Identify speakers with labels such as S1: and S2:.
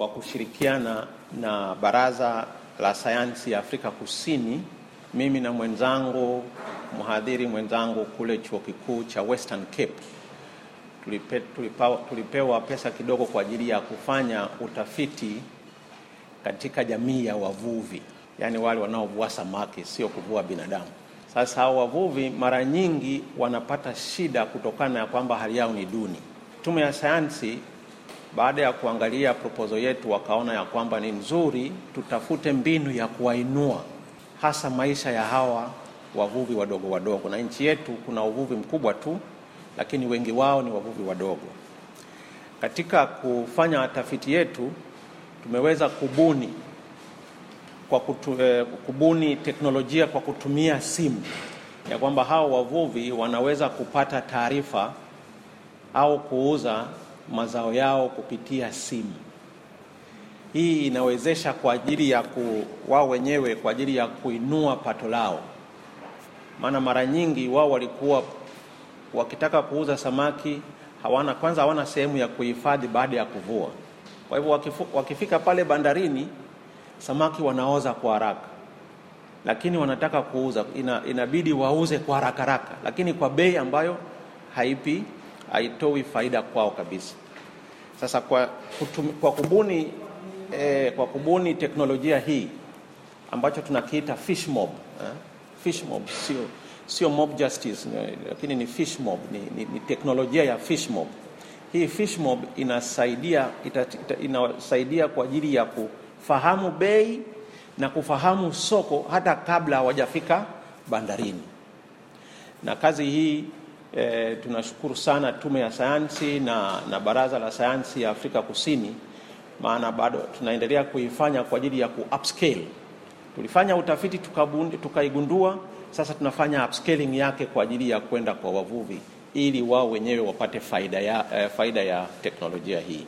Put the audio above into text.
S1: wa kushirikiana na Baraza la Sayansi ya Afrika Kusini, mimi na mwenzangu mhadhiri mwenzangu kule chuo kikuu cha Western Cape tulipe, tulipa, tulipewa pesa kidogo kwa ajili ya kufanya utafiti katika jamii ya wavuvi, yaani wale wanaovua samaki, sio kuvua binadamu. Sasa hao wavuvi mara nyingi wanapata shida kutokana na kwamba hali yao ni duni. Tume ya sayansi baada ya kuangalia proposal yetu wakaona ya kwamba ni nzuri, tutafute mbinu ya kuwainua hasa maisha ya hawa wavuvi wadogo wadogo. Na nchi yetu kuna uvuvi mkubwa tu, lakini wengi wao ni wavuvi wadogo. Katika kufanya tafiti yetu tumeweza kubuni kwa kutu, eh, kubuni teknolojia kwa kutumia simu ya kwamba hao wavuvi wanaweza kupata taarifa au kuuza mazao yao kupitia simu. Hii inawezesha kwa ajili ya ku, wao wenyewe kwa ajili ya kuinua pato lao, maana mara nyingi wao walikuwa wakitaka kuuza samaki hawana, kwanza hawana sehemu ya kuhifadhi baada ya kuvua. Kwa hivyo wakifika pale bandarini samaki wanaoza kwa haraka, lakini wanataka kuuza, ina, inabidi wauze kwa haraka haraka, lakini kwa bei ambayo haipi haitoi faida kwao kabisa. Sasa kwa, kutum, kwa, kubuni, eh, kwa kubuni teknolojia hii ambacho tunakiita fish mob eh? Fish mob sio sio mob justice lakini ni fish mob, ni, ni, ni teknolojia ya fish mob. Hii fish mob inasaidia, ita, ita, inasaidia kwa ajili ya kufahamu bei na kufahamu soko hata kabla hawajafika bandarini, na kazi hii E, tunashukuru sana Tume ya Sayansi na, na Baraza la Sayansi ya Afrika Kusini, maana bado tunaendelea kuifanya kwa ajili ya ku upscale. Tulifanya utafiti tukaigundua, sasa tunafanya upscaling yake kwa ajili ya kwenda kwa wavuvi ili wao wenyewe wapate faida ya, eh, faida ya teknolojia hii.